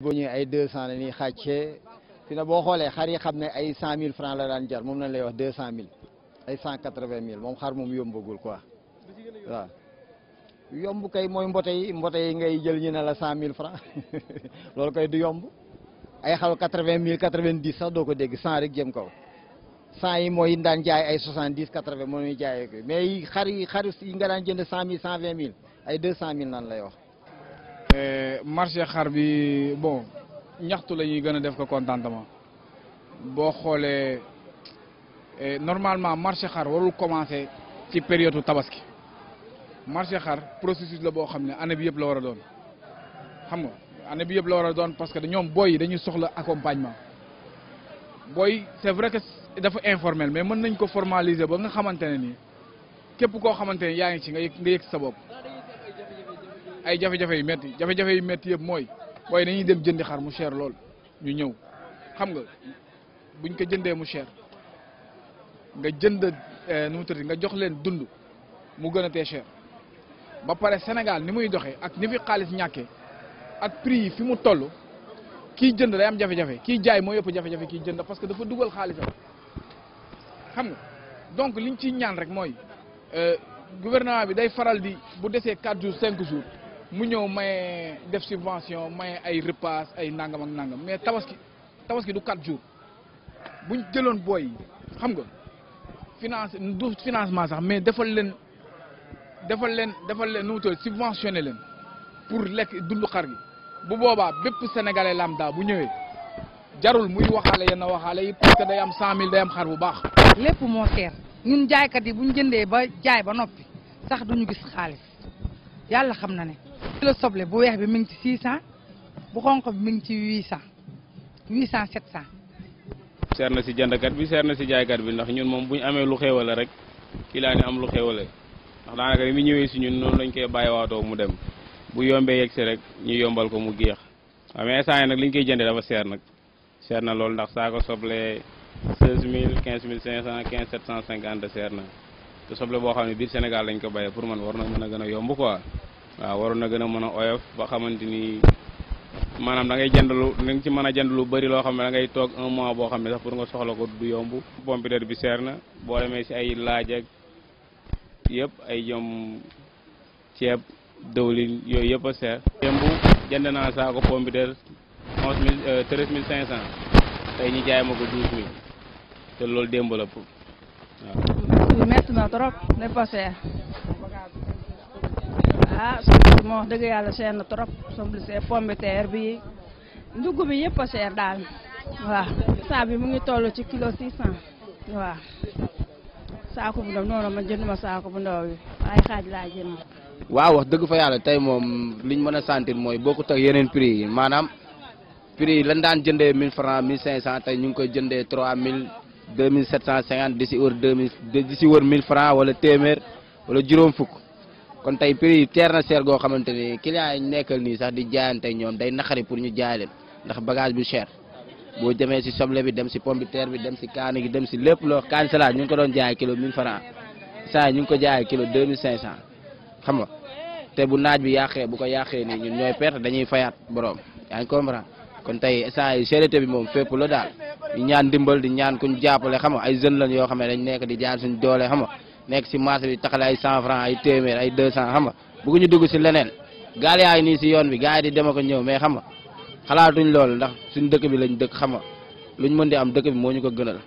boo ñëwee ay deux cent la ñuy xàccee fi na boo xoolee xar yi xam ne ay cent mille franc la daan jar moom lañ lay wax deux cent mille ay cent quatre vingt mille moom xar moom yombagul quoi waaw yomb kay mooy mbote yi yi ngay jël ñu ne la cent mille franc loolu kay du yomb ay xaru quatre vingt mille quatre vingt dix sax doo ko dégg cent rek jëm kaw cent yi mooy daan jaay ay soixante dix quatre vingt mais xar yi nga daan jënd mille ay mille nan lay wax. Eh, marché xar bi bon ñaxtu la ñuy gën a def ko contentement boo xoolee eh, normalement marché xar warul commencer ci période tabaski marché xar processus la boo xam ne année bi yëpp la war a doon xam nga année bi yëpp la war a parce que ñoom booy yi dañuy soxla accompagnement booy c'est vrai que dafa informel mais mën nañ ko formaliser ba nga xamante ne nii képp koo xamante ne yaa ngi ci nga yëg nga sa bopp. ay jafe-jafe yu métti jafe-jafe yu métti yëpp mooy booy dañuy dem jëndi xar mu cher lool ñu ñëw xam nga buñ ko jëndee mu cher nga jënd eh, nu mu tëdd nga jox leen dund mu gën a tee cher ba pare Sénégal ni muy doxee ak ni fi xaalis ñàkkee ak prix yi fi mu toll kiy jënd day am jafe-jafe kiy jaay mooy yëpp jafe-jafe kiy jënd parce que dafa dugal xaalisam xam nga donc liñ ciy ñaan rek mooy eh, gouvernement bi day faral di bu desee 4 jours cinq jours. mu ñëw maye def subvention maye ay repas ay nangam ak nangam mais tabaski tabaski du quatre jours buñ jëloon booy xam nga finance du financement sax mais defal leen defal leen defal leen nu mu subventionné leen pour lekk dund xar gi bu boobaa bépp sénégalais lambda bu ñëwee jarul muy waxaale yenn waxaale yi parce que day am cent mille day am xar bu baax. lépp moo seer ñun jaaykat yi bu ñu jëndee ba jaay ba noppi sax duñu gis xaalis yàlla xam na ne. kilo soble bu weex bi mi ngi ci 600 bu xonq bi mi ngi ci 800 800 700. seer na si jëndkat bi seer na si jaaykat bi ndax ñun moom bu ñu amee lu xéewale rek kii laa ni am lu xéewale ndax daanaka bi mu ñëwee si ñun noonu lañ koy bàyyi bàyyiwaatoo mu dem bu yombee yegg rek ñu yombal ko mu géex waaw mais instant yi nag li ñu koy jëndee dafa seer nag seer na loolu ndax saako soble 16000 15500 15750 seer na te soble boo xam ne biir Sénégal lañ ko bayee pour man war na mën a gën a yomb quoi. waaw ah, waroon na gëna mëna mana oyof ba xamanteni nengsi mana da ngay jënd ni ci mëna apa jënd lu bëri loo loh da ngay tok un mois boleh xamne sax pour nga soxla ko du yomb pompiteer bi serna bo démé ci ay laaj ak yépp ay jom ciép dawlin yoy yépp a seer démb jënd naa euh, jaay na pas cher ah soble moo wax dëgg yàlla seer na trop soble si pombiteer bi ndugg bi yëpp a seer daal waaw saa bi mu ngi toll ci kilo 600 waaw saako bu ndaw noonu ma jënd ma saako bu ndaw bi waaye laa jënd. waaw wax dëgg fa yàlla tey moom liñ mën a sentir mooy bokkut ak yeneen prix yi maanaam prix yi lan daan jëndee 1000 francs 1500 tey ñu ngi koy jëndee 3000 2750 di si wër 2000 di si wër 1000 francs wala téeméer wala juróom fukk. kon tey prix yi teer na seer goo xamante ni client nekk nekkal nii sax di jaayante ñoom day naxari pour ñu jaay leen ndax bagage bu cher boo demee si soble bi dem si pomme de terre bi dem si kaani gi dem si lépp loo kaan salade ñu ko doon jaay kilo 1000 francs saa ñu ngi ko jaay kilo 2500 xam nga te bu naaj bi yàqee bu ko yàqee nii ñun ñooy perte dañuy fayaat borom yaa ngi comprendre kon tey saa yi cherté bi moom fépp loo daal di ñaan dimbal di ñaan kuñ jàppale xam nga ay jeunes lañ yoo xam ne dañ nekk di jaar suñ doole xam nga nekk si marché bi taxale ay cent franc ay téeméer ay deux cent xam nga bëgguñu dugg si leneen gaal yaa ngi nii si yoon bi gaal yi di dem ko ñëw mais xam nga xalaatuñ lool ndax suñ dëkk bi lañ dëkk xam nga luñ mën di am dëkk bi moo ñu ko gënal.